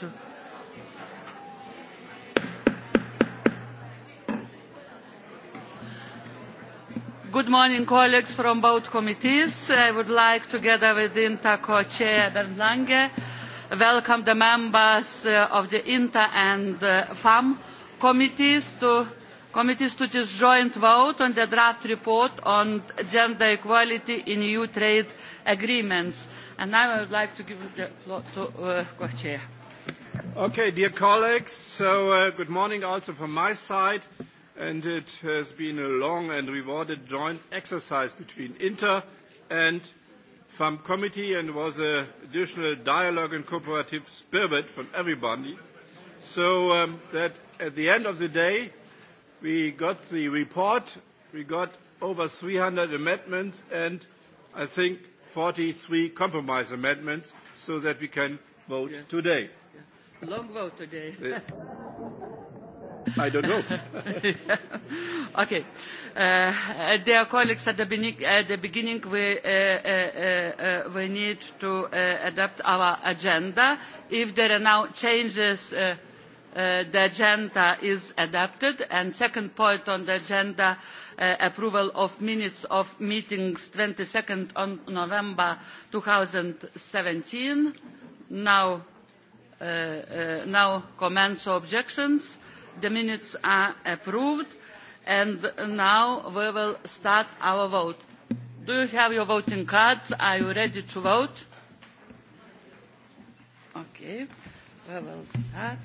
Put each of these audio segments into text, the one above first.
vote. Good morning, colleagues from both committees. I would like, together with INTA co-chair Bernd Lange, welcome the members uh, of the INTA and uh, FAM committees to committees to this joint vote on the draft report on gender equality in EU trade agreements. And now I would like to give the floor to uh, co-chair. Okay, dear colleagues, so uh, good morning also from my side. And it has been a long and rewarded joint exercise between Inter and FAM Committee and was an additional dialogue and cooperative spirit from everybody. So um, that at the end of the day, we got the report, we got over 300 amendments and I think 43 compromise amendments so that we can vote yes. today. Yes. Long vote today. Eh, I don't know. okay. Uh, uh, dear colleagues, at the, beginning, at uh, the beginning we, uh, uh, uh, uh, we need to uh, adapt our agenda. If there are now changes, uh, uh, the agenda is adapted. And second point on the agenda, uh, approval of minutes of meetings 22nd on November 2017. Now uh, uh, now comments or objections. The minutes are approved. And now we will start our vote. Do you have your voting cards? Are you ready to vote? Okay, we will start.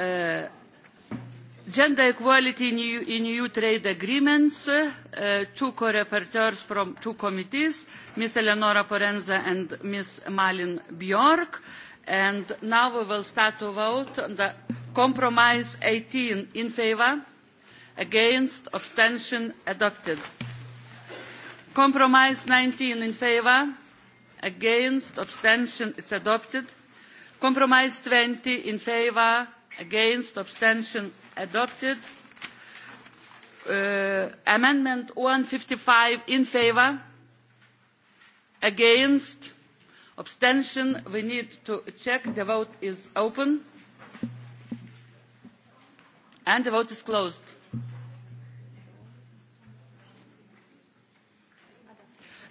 Uh, gender equality in EU, in EU trade agreements, uh, two co-rapporteurs from two committees, Ms. Eleonora Forenza and Ms. Malin Bjork. And now we will start to vote on the compromise 18 in favor, against, abstention, adopted. Compromise 19 in favor, against, abstention, it's adopted. Compromise 20 in favor, against abstention adopted uh, amendment 155 in favor against abstention we need to check the vote is open and the vote is closed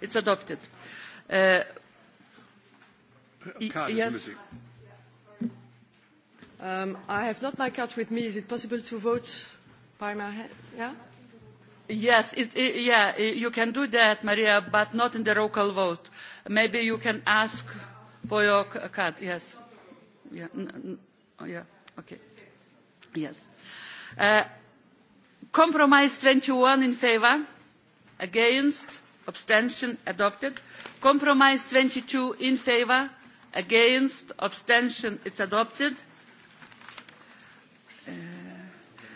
it's adopted uh, yes Missing Um, I have not my card with me. Is it possible to vote by my hand? Yeah? Yes, it, it, yeah, you can do that, Maria, but not in the roll call vote. Maybe you can ask for your card. Yes. Yeah. N n oh, yeah. Okay. Yes. Uh, compromise 21 in favor, against, abstention, adopted. Compromise 22 in favor, against, abstention, it's adopted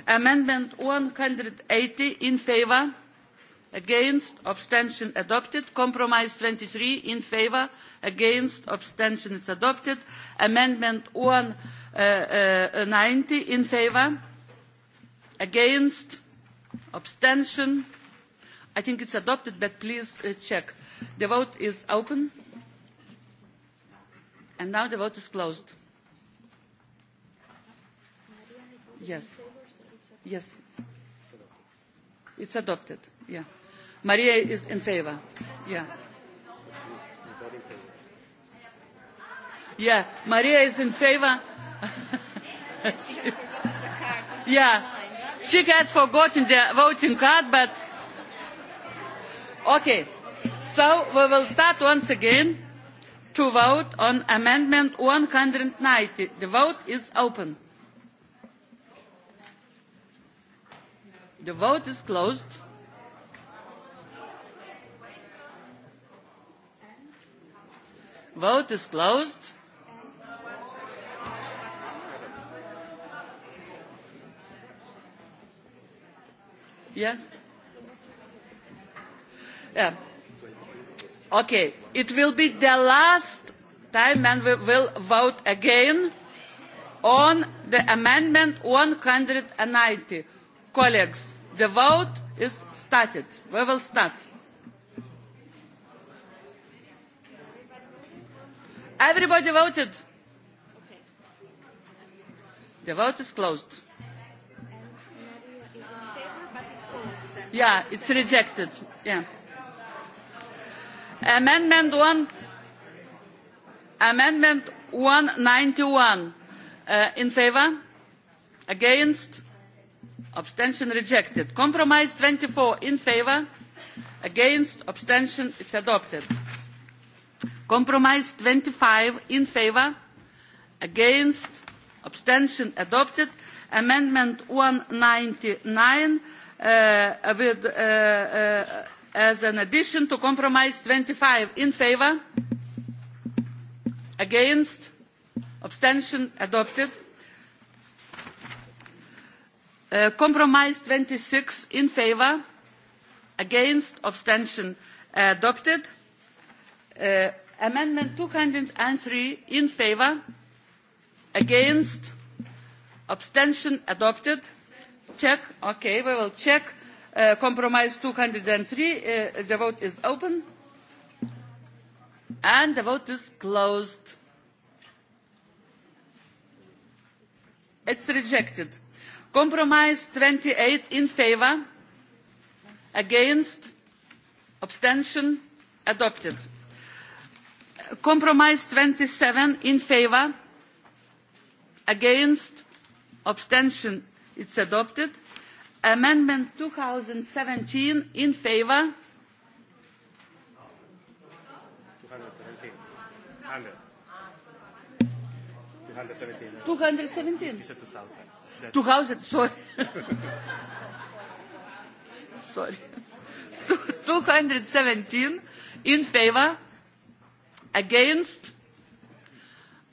amendment one hundred and eighty in favour against abstention adopted compromise twenty three in favour against abstention is adopted amendment one hundred and ninety in favour against abstention i think it's adopted but please uh, check the vote is open and now the vote is closed yes. Yes. It's adopted. Yeah. Maria is in favor. Yeah. Yeah. Maria is in favor. yeah. She has forgotten the voting card, but okay. So we will start once again to vote on amendment 190. The vote is open. The vote is closed. Vote is closed. Yes. Yeah. Okay. It will be the last time and we will vote again on the amendment 190 colleagues the vote is started. we will start. everybody voted. the vote is closed. yeah it's rejected. yeah. amendment one amendment one ninety one uh, in favour against abstention rejected compromise twenty four in favour against abstention it is adopted compromise twenty five in favour against abstention adopted amendment one hundred and ninety nine uh, uh, uh, as an addition to compromise twenty five in favour against abstention adopted Uh, compromise twenty six in favour against abstention adopted uh, amendment two hundred and three in favour against abstention adopted check okay we will check uh, compromise two hundred and three uh, the vote is open and the vote is closed it's rejected compromise twenty eight in favour against abstention adopted compromise twenty seven in favour against abstention it's adopted amendment two thousand and seventeen in favour two hundred and seventeen 2000, sorry. sorry. 217 in favor, against,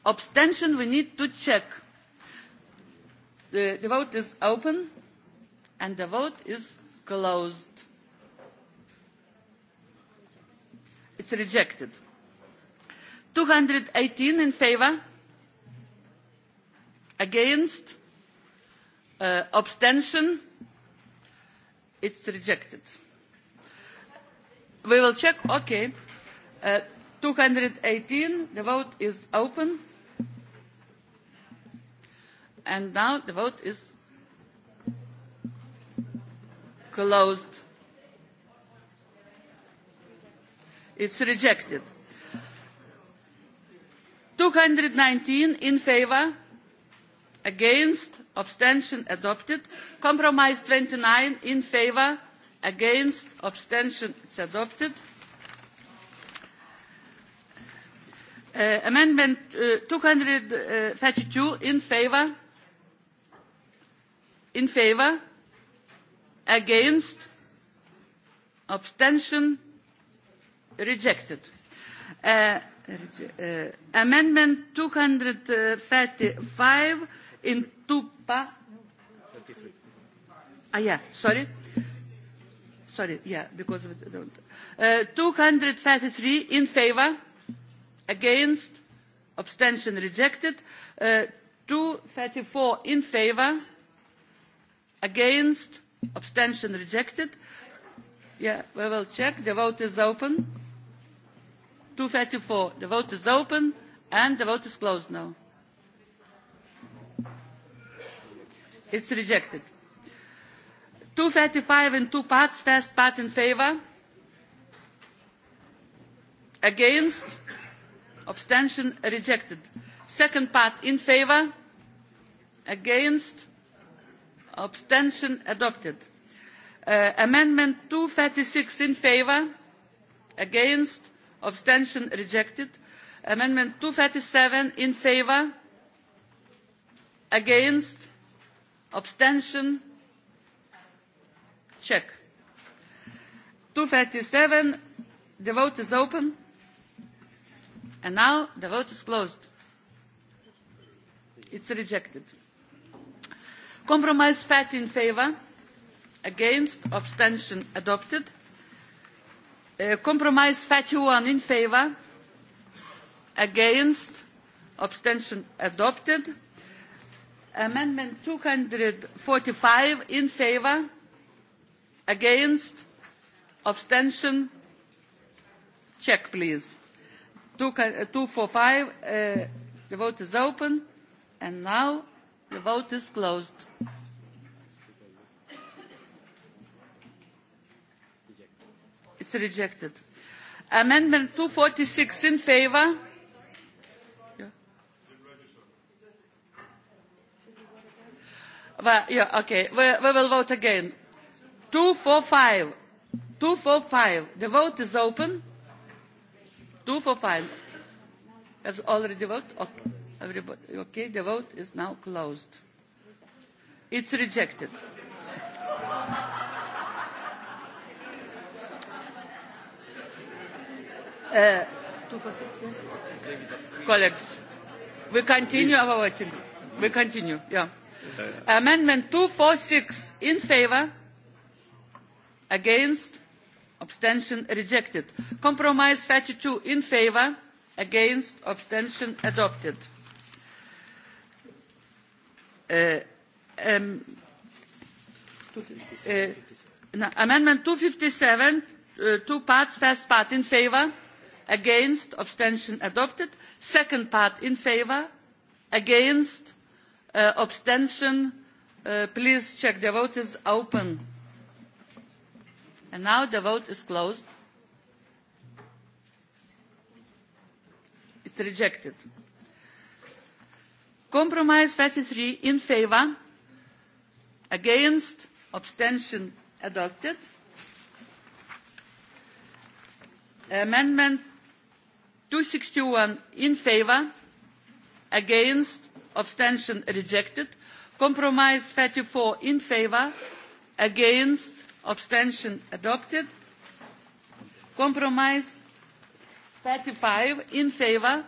abstention, we need to check. The, the vote is open and the vote is closed. It's rejected. 218 in favor, against, Uh, abstention it's rejected we will check okay uh, 218 the vote is open and now the vote is closed it's rejected 219 in favor against abstention adopted compromise twenty nine in favour against abstention it's adopted uh, amendment uh, two hundred and thirty two in favour in favour against abstention rejected uh, uh, amendment two hundred and thirty five in Tupa. Ah, yeah, sorry. Sorry, yeah, because of uh, 233 in favor, against, abstention rejected. Uh, 234 in favor, against, abstention rejected. Yeah, we will check. The vote is open. 234. The vote is open and the vote is closed now. It's rejected. 235 in two parts, first part in favor. Against. Abstention rejected. Second part in favor. Against. Abstention adopted. Uh, amendment 236 in favor. Against. Abstention rejected. Amendment 237 in favor. Against abstention check 237 the vote is open and now the vote is closed it's rejected compromise pact in favour against abstention adopted uh, compromise thirty one in favour against abstention adopted amendment two hundred and forty five in favour against abstention check please two hundred and five uh, the vote is open and now the vote is closed it's rejected amendment two forty six in favour Well, yeah, okay. We, we will vote again. 245. 245. The vote is open. 245. Has already voted? Okay. Everybody, okay, the vote is now closed. It's rejected. Uh, colleagues, we continue our voting. We continue, yeah. Uh, amendment two four six in favour against abstention rejected compromise thirty two in favour against abstention adopted uh, um, uh, no, amendment two hundred and fifty seven uh, two parts first part in favour against abstention adopted second part in favour against Uh, abstention uh, please check the vote is open and now the vote is closed it's rejected compromise 33 in favor against abstention adopted amendment 261 in favor against abstention rejected compromise thirty four in favour against abstention adopted compromise thirty five in favour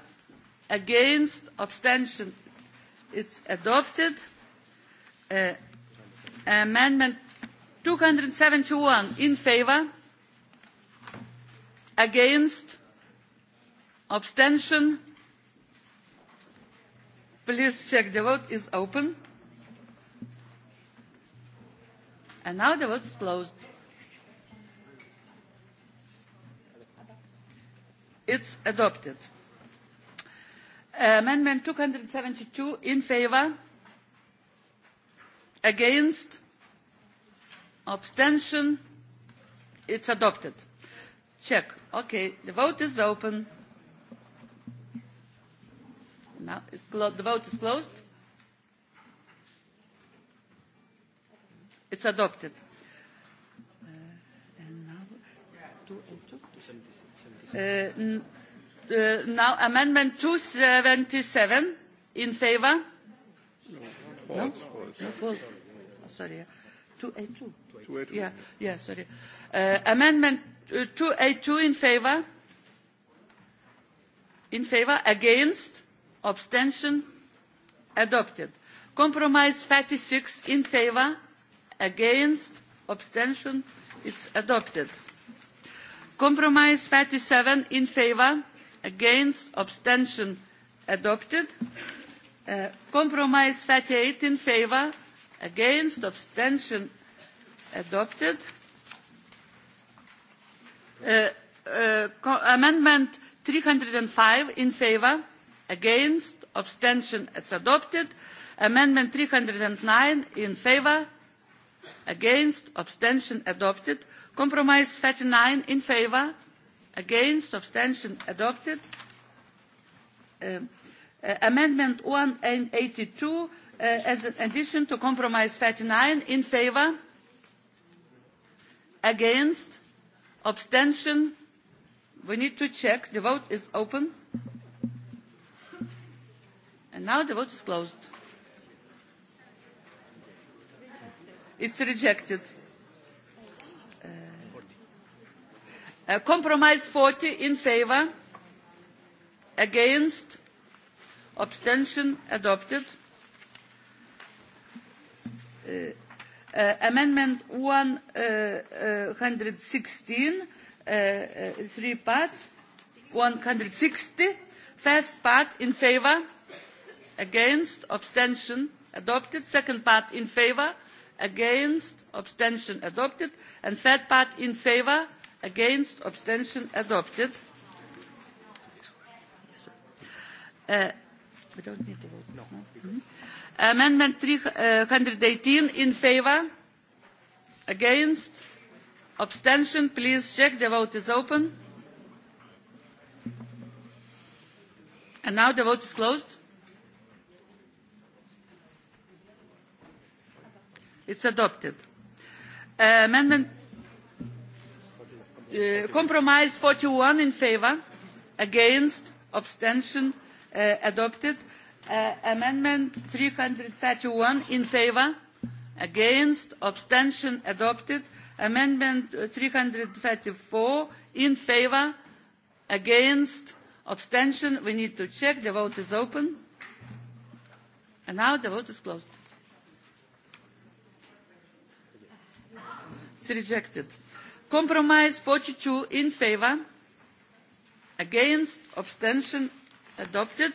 against abstention it's adopted uh, amendment two hundred and seventy one in favour against abstention Please check. The vote is open. And now the vote is closed. It's adopted. Amendment 272 in favor, against, abstention. It's adopted. Check. Okay, the vote is open. Now is closed. The vote is closed. It's adopted. Uh, and now, two and two. Uh, uh, now amendment 277 in favor? No, false. No? False. No, false. Oh, sorry. 282. 282. Yeah, yeah, sorry. Uh, amendment uh, 282 in favor? In favor? Against? abstention adopted compromise fifty six in favour against abstention it's adopted compromise fifty seven in favour against abstention adopted uh, compromise fifty eight in favour against abstention adopted uh, uh, amendment three hundred and five in favour against abstention it is adopted amendment three hundred and nine in favour against abstention adopted compromise thirty nine in favour against abstention adopted uh, uh, amendment one hundred and eighty two uh, as an addition to compromise thirty nine in favour against abstention we need to check the vote is open And now the vote is closed. It's rejected. Uh, uh, compromise 40 in favor, against, abstention adopted. Uh, uh, amendment 116, uh uh, uh, uh, three parts, 160, first part in favor, against abstention adopted second part in favour against abstention adopted and third part in favour against abstention adopted uh, we don't need to vote no, no? Mm-hmm. amendment three hundred and eighteen in favour against abstention please check the vote is open and now the vote is closed It's adopted. Uh, amendment uh, compromise 41 in favor, against, abstention, uh, adopted. Uh, amendment 331 in favor, against, abstention, adopted. Amendment 334 in favor, against, abstention. We need to check. The vote is open. And now the vote is closed. It's rejected. Compromise 42 in favor. Against. Abstention. Adopted.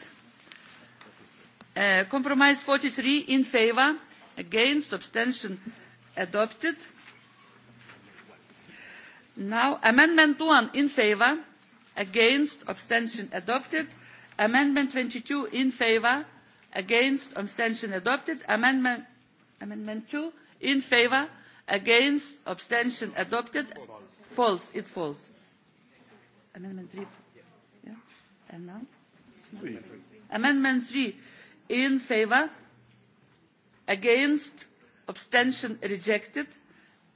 Uh, compromise 43 in favor. Against. Abstention. Adopted. Now, amendment 1 in favor. Against. Abstention. Adopted. Amendment 22 in favor. Against. Abstention. Adopted. Amendment, amendment 2 in favor against abstention adopted false it falls amendment 3 yeah. and now three. amendment 3 in favor against abstention rejected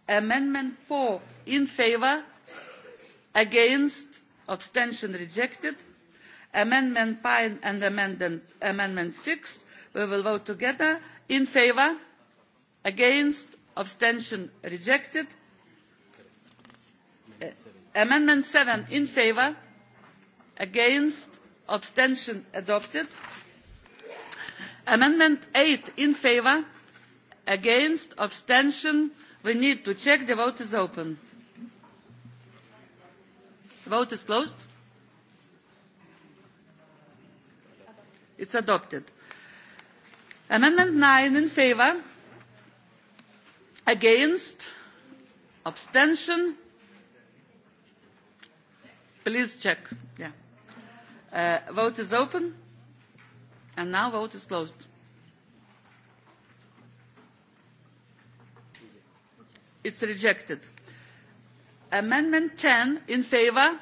amendment 4 in favor against abstention rejected amendment 5 and amendment, amendment 6 we will vote together in favor against abstention rejected uh, amendment seven in favour against abstention adopted amendment eight in favour against abstention we need to check the vote is open the vote is closed it's adopted amendment nine in favour against abstention please check yeah uh, vote is open and now vote is closed it's rejected amendment 10 in favor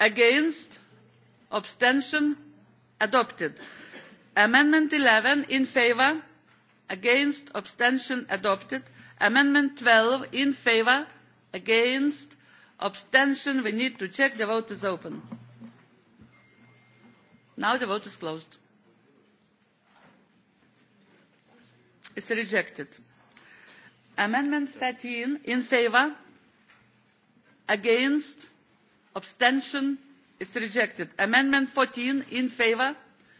against abstention adopted amendment 11 in favor against abstention adopted amendment twelve in favour against abstention we need to check the vote is open now the vote is closed it's rejected amendment thirteen in favour against abstention it's rejected amendment fourteen in favour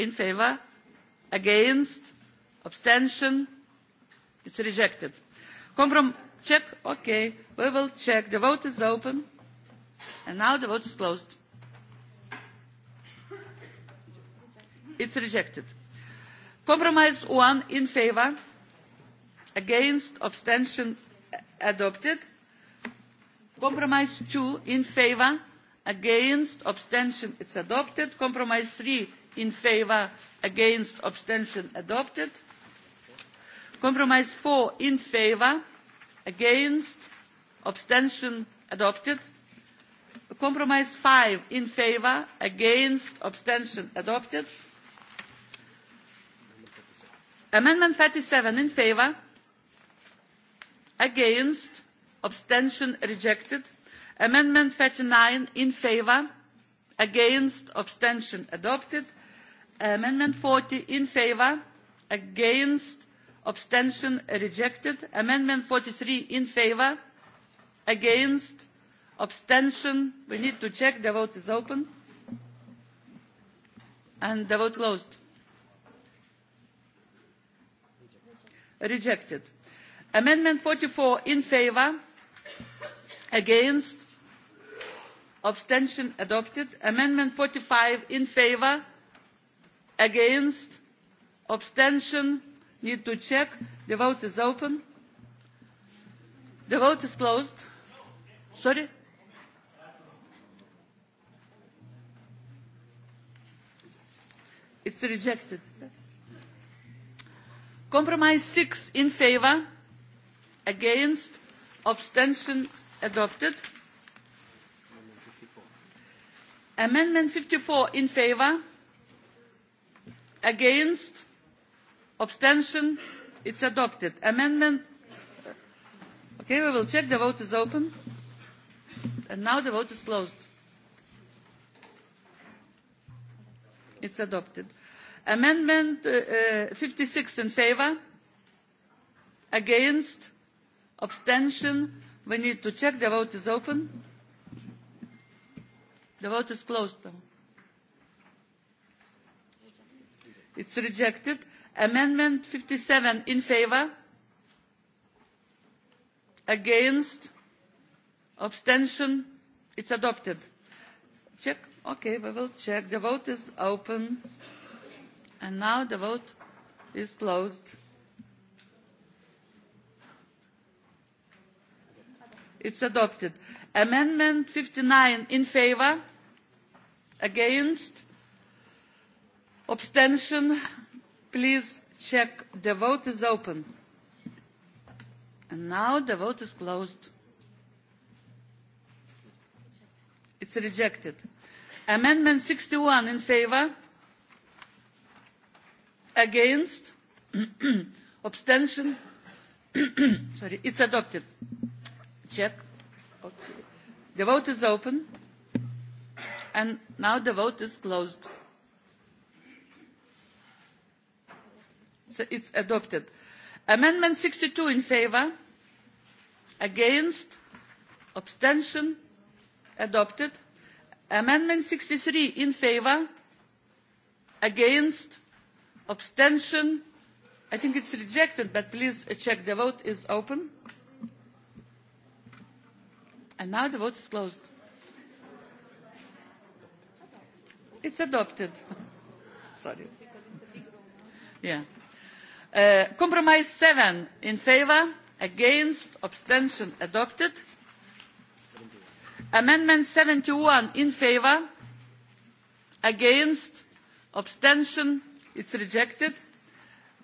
in favour against abstention it's rejected comprom check okay we will check the vote is open and now the vote is closed it's rejected compromise one in favour against abstention adopted compromise two in favour against abstention it's adopted compromise three in favour against abstention adopted compromise four in favour against abstention adopted compromise five in favour against abstention adopted amendment thirty seven in favour against abstention rejected amendment thirty nine in favour against abstention adopted amendment forty in favour against abstention rejected amendment forty three in favour against abstention we need to check the vote is open and the vote closed rejected amendment forty four in favour against abstention adopted amendment forty five in favour against abstention need to check the vote is open the vote is closed sorry it's rejected compromise six in favour against abstention adopted amendment fifty four in favour against abstention it is adopted. amendment okay we will check the vote is open and now the vote is closed. it is adopted. amendment fifty uh, uh six in favour against abstention we need to check the vote is open. the vote is closed now it's rejected amendment fifty seven in favour against abstention it's adopted check okay we will check the vote is open and now the vote is closed it's adopted amendment fifty nine in favour against abstention please check the vote is open and now the vote is closed it's rejected amendment sixty one in favour against abstention sorry it's adopted check okay. the vote is open and now the vote is closed So it's adopted. Amendment 62 in favour, against, abstention, adopted. Amendment 63 in favour, against, abstention, I think it's rejected, but please check the vote is open. And now the vote is closed. It's adopted. Sorry. Yeah. Uh, compromise seven in favour against abstention adopted 71. amendment seventy one in favour against abstention it is rejected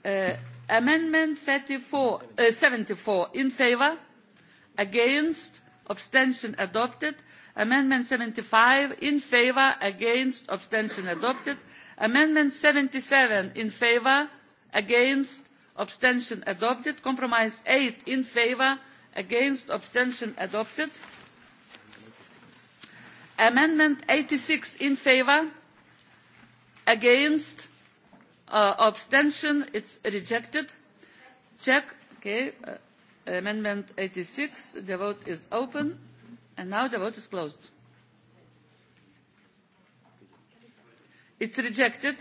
uh, amendment seventy uh, four in favour against abstention adopted amendment seventy five in favour uh, uh, against abstention adopted amendment seventy seven in favour against abstention adopted compromise eight in favour against abstention adopted amendment eighty six in favour against uh, abstention it's rejected check okay uh, amendment eighty six the vote is open and now the vote is closed it's rejected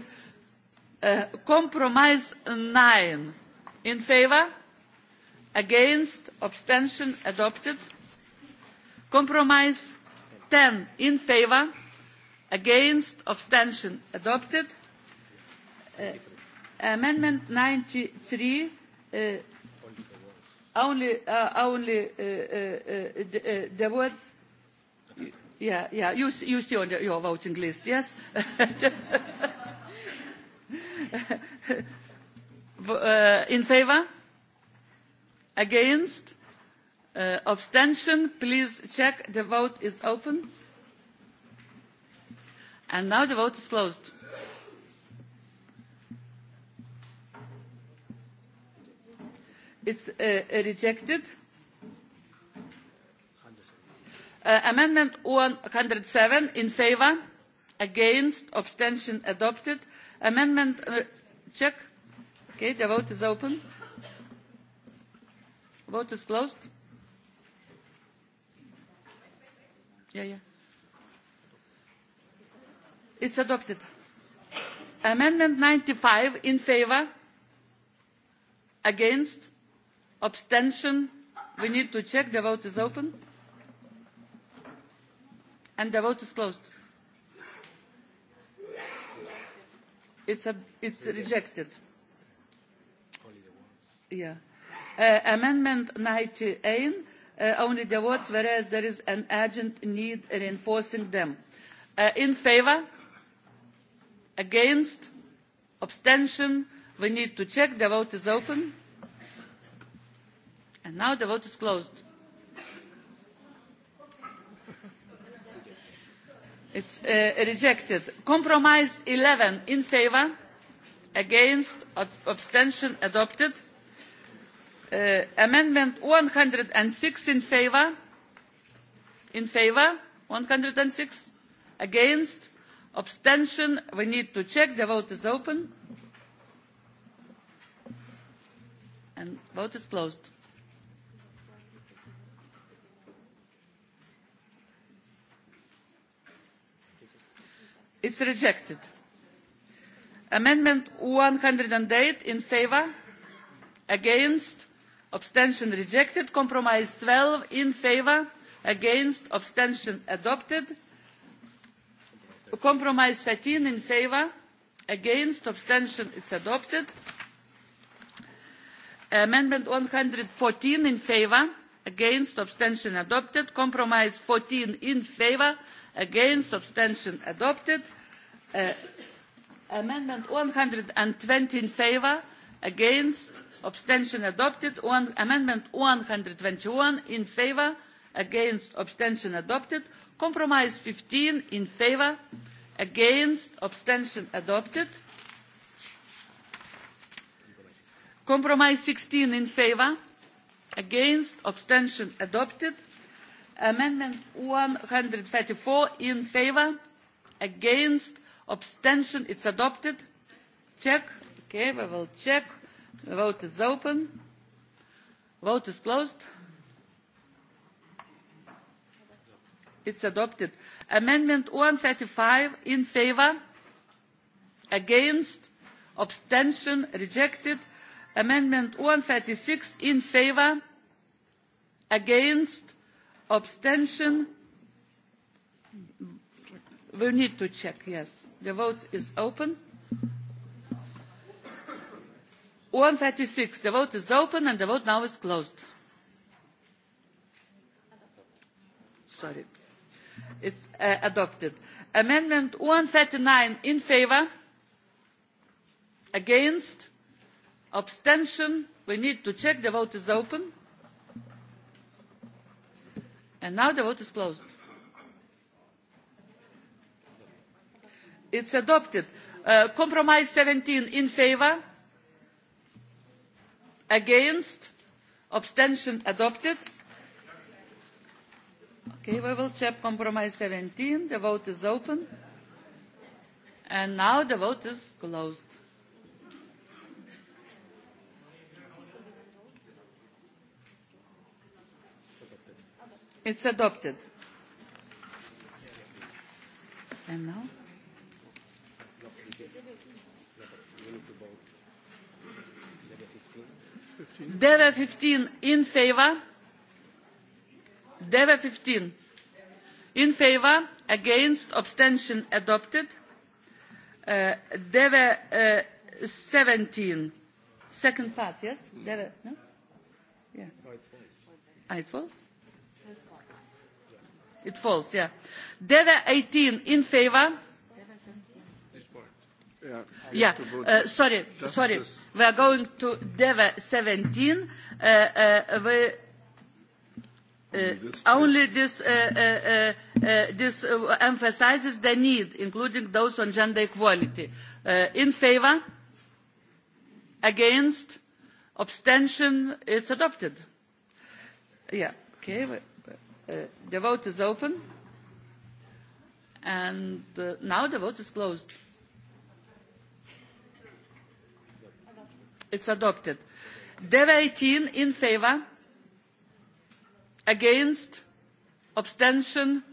Uh, compromise nine in favour against abstention adopted compromise ten in favour against abstention adopted uh, amendment ninety three uh, only uh, only uh, uh, uh, the, uh, the words yeah yeah you, you see on the, your voting list yes uh, in favor? Against? Uh, abstention? Please check. The vote is open. And now the vote is closed. It's uh, rejected. Uh, amendment one hundred and seven in favour against abstention adopted Amendment uh, check. Okay, the vote is open. Vote is closed. Yeah, yeah. It's adopted. Amendment 95 in favor, against, abstention. We need to check. The vote is open. And the vote is closed. It's, a, it's rejected. Yeah. Uh, amendment 98, uh, only the words, whereas there is an urgent need reinforcing them. Uh, in favour? Against? Abstention? We need to check. The vote is open. And now the vote is closed. it's uh, rejected compromise eleven in favour against abstention adopted uh, amendment one hundred and six in favour in favour one hundred and six against abstention we need to check the vote is open and vote is closed is rejected. amendment one hundred and eight in favour against abstention rejected compromise twelve in favour against abstention adopted compromise thirteen in favour against abstention it is adopted amendment one hundred and fourteen in favour against abstention adopted compromise fourteen in favour against abstention adopted uh, amendment one hundred and twenty in favour against abstention adopted one, amendment one hundred and twenty one in favour against abstention adopted compromise fifteen in favour against abstention adopted compromise sixteen in favour against abstention adopted amendment one hundred and thirty four in favour against abstention it is adopted check okay we will check the vote is open vote is closed it is adopted amendment one hundred and thirty five in favour against abstention rejected amendment one hundred and thirty six in favour against abstention we need to check yes the vote is open one thirty six the vote is open and the vote now is closed sorry it's uh, adopted amendment one thirty nine in favour against abstention we need to check the vote is open And now the vote is closed. It's adopted. Uh, compromise 17 in favor, against, abstention adopted. Okay, we will check compromise 17. The vote is open. And now the vote is closed. It's adopted. And now? Deve 15 in favor. Deve 15 in favor, against, abstention adopted. Uh, Deve uh, 17, second part, yes? Deve, no? Yeah. No, it falls. Ah, it falls? It falls, yeah. Deve 18 in favor. Yeah, yeah. Uh, sorry, Justice. sorry. We are going to Deve 17. Uh, uh, we, uh, only this, uh, uh, uh, uh, this uh, emphasizes the need, including those on gender equality. Uh, in favor? Against? Abstention? It's adopted. Yeah. Okay. Uh, the vote is open. And uh, now the vote is closed. It's adopted. Dev 18 in favor, against, abstention,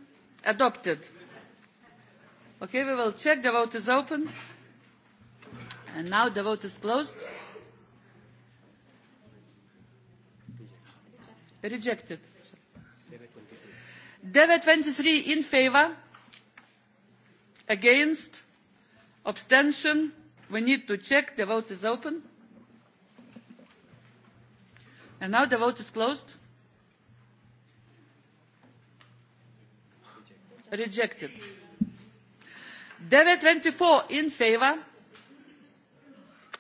adopted. Okay, we will check. The vote is open. And now the vote is closed. Rejected DV23 in favor, against, abstention. We need to check. The vote is open. And now the vote is closed. Rejected. DV24 in favor,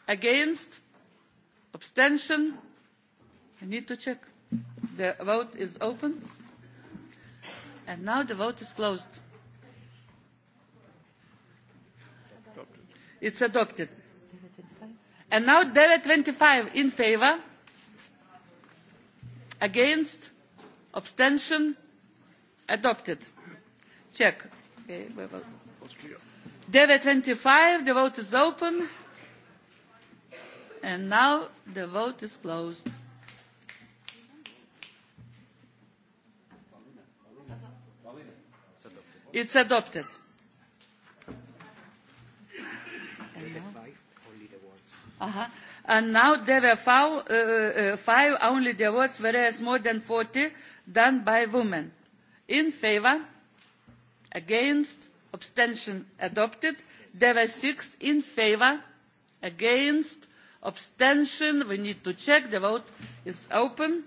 against, abstention. I need to check. The vote is open. And now the vote is closed. Adopted. It's adopted. And now Dele 25 in favor, against, abstention, adopted. Check. Okay, we will. Dele 25, the vote is open. And now the vote is closed. It's adopted. And now, uh-huh. and now there were five, uh, uh, five only the words, whereas more than 40 done by women. In favor, against, abstention adopted. There were six in favor, against, abstention. We need to check. The vote is open.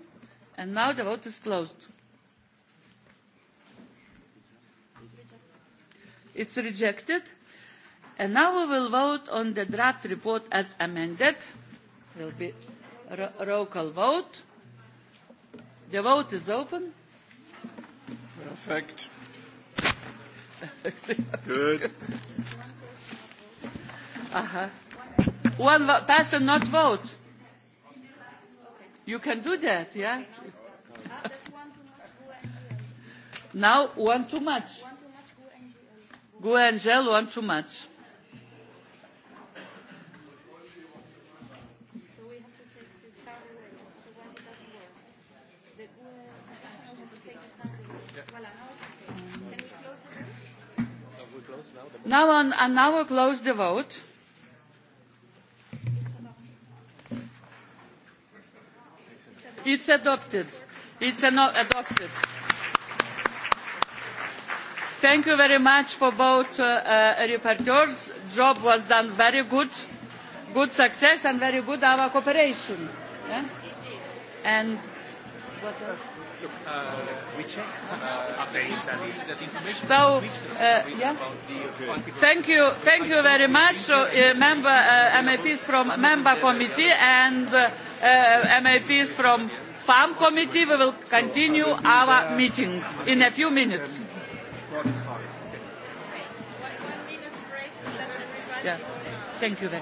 And now the vote is closed. It's rejected. And now we will vote on the draft report as amended. Will be roll call vote. The vote is open. Perfect. Good. Uh-huh. One person not vote. You can do that, yeah? Now one too much. Now one too much. Gue Angel want too much. Now on, and now we'll close the vote. It's adopted. It's an adopted. Thank you very much for both uh, uh, reporters. Job was done very good, good success and very good our cooperation. Yeah? And what else? Look, uh, we check uh, updates and that information. So, uh, yeah. Uh, thank you, thank you very much, so, uh, member uh, MEPs from member committee and uh, uh, MEPs from farm committee. We will continue our meeting in a few minutes. Yeah. Thank you very